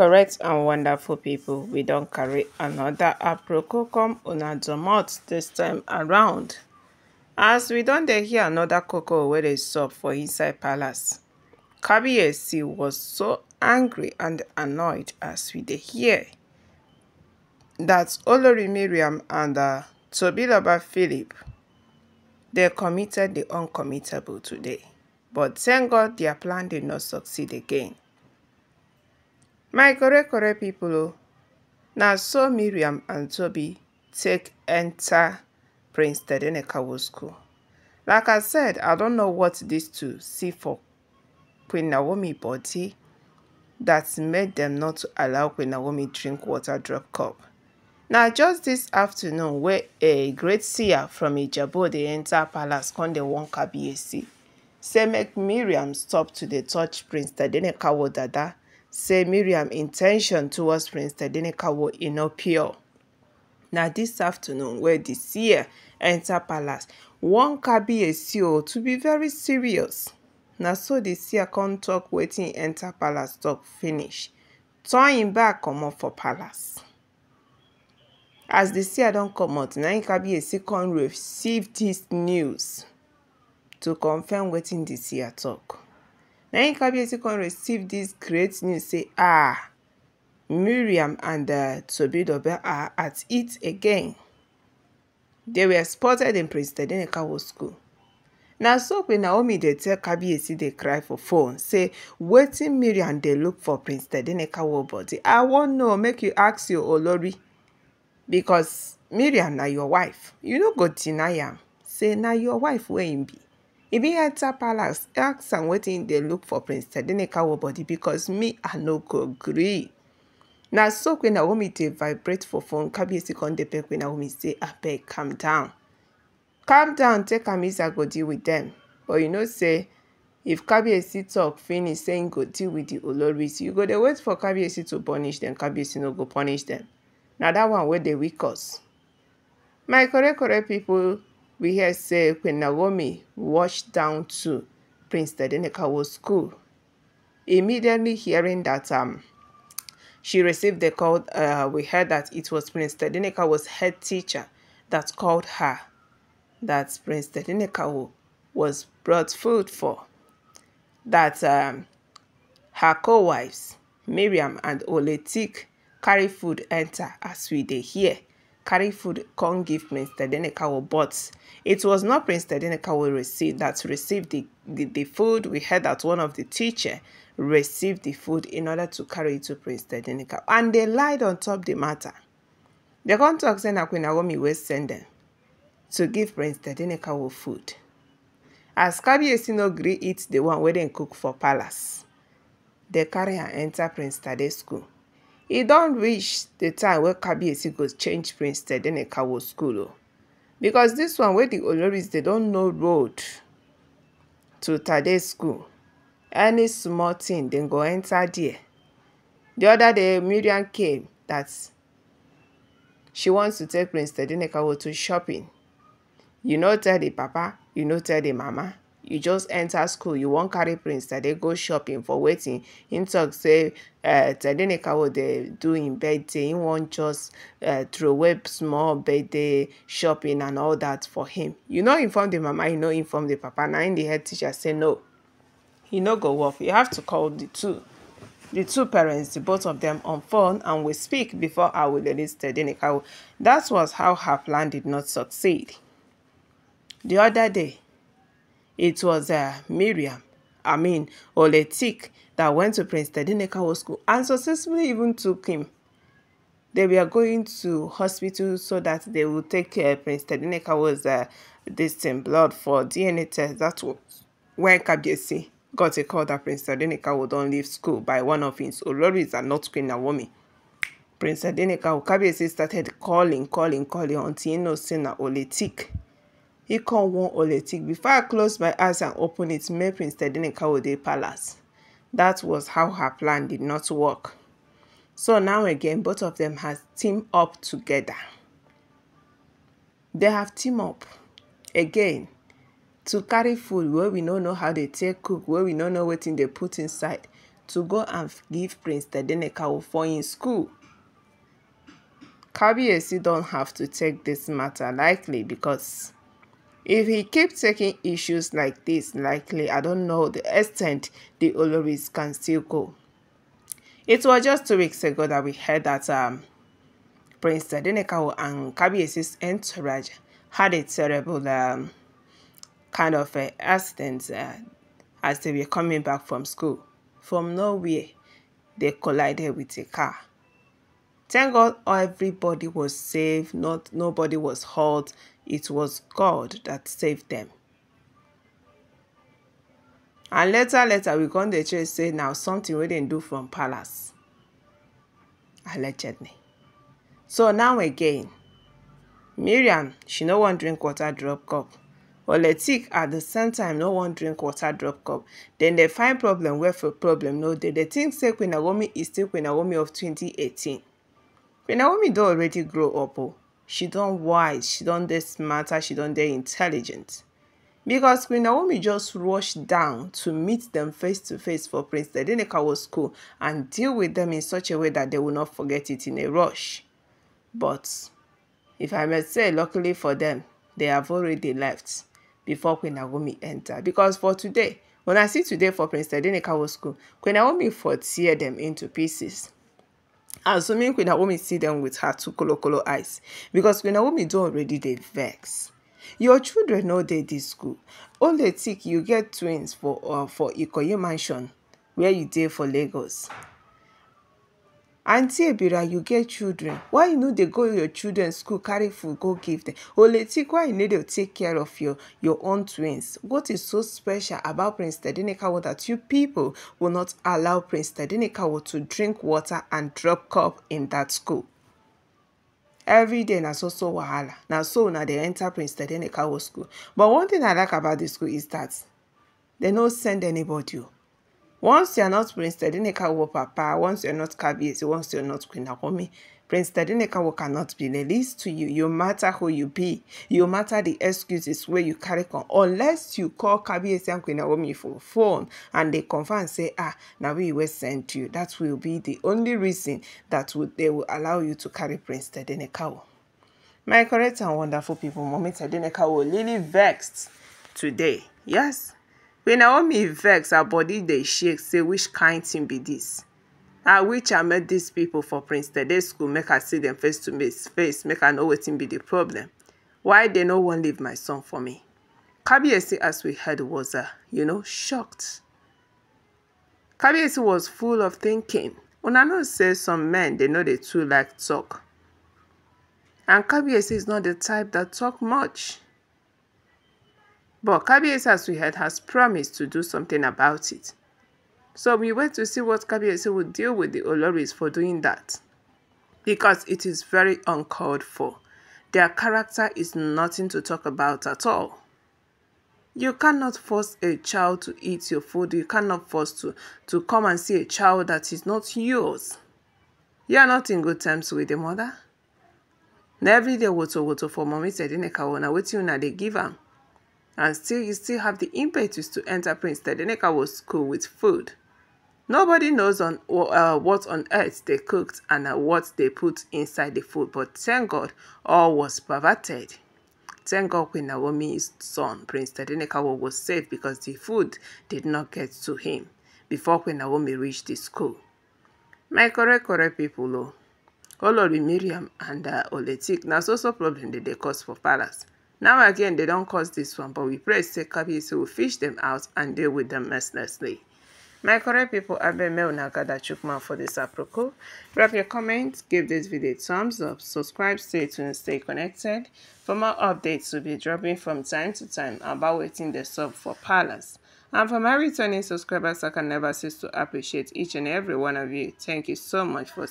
correct and wonderful people we don't carry another aproko come on our domot this time around as we don't hear another cocoa where they sup for inside palace kabiyesi was so angry and annoyed as we dey hear that olori Miriam and uh, tobiloba philip they committed the uncommittable today but thank god their plan did not succeed again My correct correct people o, oh. na so Miriam and Toby take enter Prince Tedenekawo school. Like I said, I don't know what these two see for Queen Naomi body that made them not to allow Queen Naomi drink water drop cup. Now just this afternoon where a great seer from Ijebu dey enter palace come the warn Kabiyesi say make Miriam stop to the touch Prince Tadenekawo dada say Miriam intention towards Prince Tedenekawo e no pure. Na dis afternoon wey di seer enter palace, one kabiyesi o oh, to be very serious. Na so di seer come talk wetin enter palace talk finish, turn im back comot for palace. As di seer don comot, na im kabiyesi come receive dis news to confirm wetin di seer talk na im kabiyesi come receive dis great news say ah miriam and uh, toby dobel are at it again they were spotted in president enekawo school na so queen naomi dey tell kabiyesi dey cry for phone say wetin miriam dey look for prince tedenekawo body i wan know make you ask your olori because miriam na your wife you no go deny am say na your wife wey im be e bin enta palace ask am wetin dey look for prince tadenikawo body becos me i no go gree na so queen naomi dey vibrate for phone kabiyesi come dey beg queen naomi say abeg calm down calm down take am easy i go deal with dem but you know say if kabiyesi talk finish say im go deal with the oloris you go dey wait for kabiyesi to punish dem kabiyesi no go punish dem na dat one wey dey weak us my correct correct pipo we hear say when Naomi washed down to Prince Tedenekawo's school. Immediately hearing that um, she received the call, uh, we heard that it was Prince Tedenekawo's head teacher that called her, that Prince Tedenekawo was brought food for, that um, her co-wives, Miriam and Oletik, carry food enter as we did hear carry food come give Prince Tedenekawo, but it was not Prince Tedenekawo received that received the, the, the, food. We heard that one of the teacher received the food in order to carry it to Prince Tedenekawo. And they lied on top the matter. They come talk saying that Queen Naomi send them to give Prince Tedenekawo food. As Kabi no gree eat the one where they cook for palace, they carry her enter Prince Tade's school. e don reach the time wey kabiyesi go change prince tedenekawo school o because this one wey the oloris dey don know road to tade school any small thing dem go enter there the other day miriam came that she wants to take prince tedenekawo to shopping you no tell the papa you no tell the mama you just enter school you wan carry prince tade go shopping for wetin him talk say uh, eh, tadenikawo dey do him birthday him wan just uh, eh, throway small birthday shopping and all that for him you no inform the mama you no inform the papa na him the head teacher say no he no go work you have to call the two the two parents, the both of them on phone, and we speak before I will release Tedenikawo. That was how her plan did not succeed. The other day, It was uh, Miriam, I mean, Oletik, that went to Prince Tedinekawo school and successfully even took him. They were going to hospital so that they would take uh, Prince Tedinekawo's uh, this blood for DNA test. That was when Kabiyesi got a call that Prince would not leave school by one of his Oloris and not Queen Naomi. Prince Adenekawo Kabiyesi started calling, calling, calling until he knows say na Oletik Ikon won tick before I closed my eyes and opened it May Prince Tedine Kawode Palace. That was how her plan did not work. So now again, both of them have teamed up together. They have teamed up again to carry food where we don't know how they take cook, where we don't know what they put inside, to go and give Prince Tedenekawo for in school. you don't have to take this matter lightly because if he keeps taking issues like this, likely, I don't know the extent the Oloris can still go. It was just two weeks ago that we heard that um, Prince Tadenekau and Kabiesi's entourage had a terrible um, kind of uh, accident uh, as they were coming back from school. From nowhere, they collided with a car. Thank God everybody was safe, not nobody was hurt, it was God that saved them. And later, later, we come to church say now something we didn't do from palace. Allegedly. So now again, Miriam, she no wan drink water drop cup. Oletik at the same time no wan drink water drop cup. Then they find problem where for problem no dey. They think say Queen Naomi is still Queen Naomi of 2018. Queen Naomi don't already grow up Oh she done wise she done this smarter she done dey intelligent because queen naomi just rushed down to meet them face to face for prince edenikawo school and deal with them in such a way that they will not forget it in a rush but if i may say luckily for them, they have already left before queen naomi enter because for today when I see today for prince edenikawo school queen naomi for tear them into pieces assuming ah, Queen Naomi see them with her two color color eyes because Queen Naomi do already they vex. Your children no dey dis school. Only think you get twins for uh, for Ikoyi mansion where you dey for Lagos aunty ebira you get children why you no dey go your children school carry food go give them oletik why you no dey take care of your your own twins what is so special about prince tedinikawo that you people will not allow prince tedinikawo to drink water and drop cup in that school every day na so so wahala na so una dey enter prince tedinikawo school but one thing i like about the school is that they no send anybody o Once you're not Prince Tedinika Wo Papa, once you're not Kabiesi, once you're not Queen Naomi, Prince Tedinika Wo cannot be released to you. You matter who you be. You matter the excuses where you carry on. Unless you call Kabiesi and Queen Naomi for phone and they confirm and say, ah, now we were send you. That will be the only reason that would, they will allow you to carry Prince Tedinika oh. My correct and wonderful people, Mommy Tedinika Wo, Lily vexed today. Yes but naomi vex her body they shake say which kind thing be this? na which i met these people for prince tedesco make i see them face to face make i know what thing be the problem why they no one leave my son for me kabiyesi as we heard was uh, you know shocked kabiyesi was full of thinking una know say some men they know they too like talk and kabiyesi is not the type that talk much But KBS, as we heard has promised to do something about it. So we wait to see what KBS will deal with the Oloris for doing that. Because it is very uncalled for. Their character is nothing to talk about at all. You cannot force a child to eat your food. You cannot force to, to come and see a child that is not yours. You are not in good terms with the mother. Na every day woto woto for mommy said in a kawana wetin una they give am and still you still have the impetus to enter Prince Tedeneka was school with food. Nobody knows on uh, what on earth they cooked and uh, what they put inside the food, but thank God all was perverted. Thank God Queen Naomi's son, Prince Tedenekawa, was safe because the food did not get to him before Queen Naomi reached the school. My correct, correct people, oh, the oh Miriam and uh, Oletik, now so, so problem did they cause for palace. Now again, they don't cause this one, but we pray say so will fish them out and deal with them mercilessly. My correct people, Abe Melnagada Chukma for this apropos. Drop your comments, give this video a thumbs up, subscribe, stay tuned, stay connected. For more updates we will be dropping from time to time about waiting the sub for Palace. And for my returning subscribers, I can never cease to appreciate each and every one of you. Thank you so much for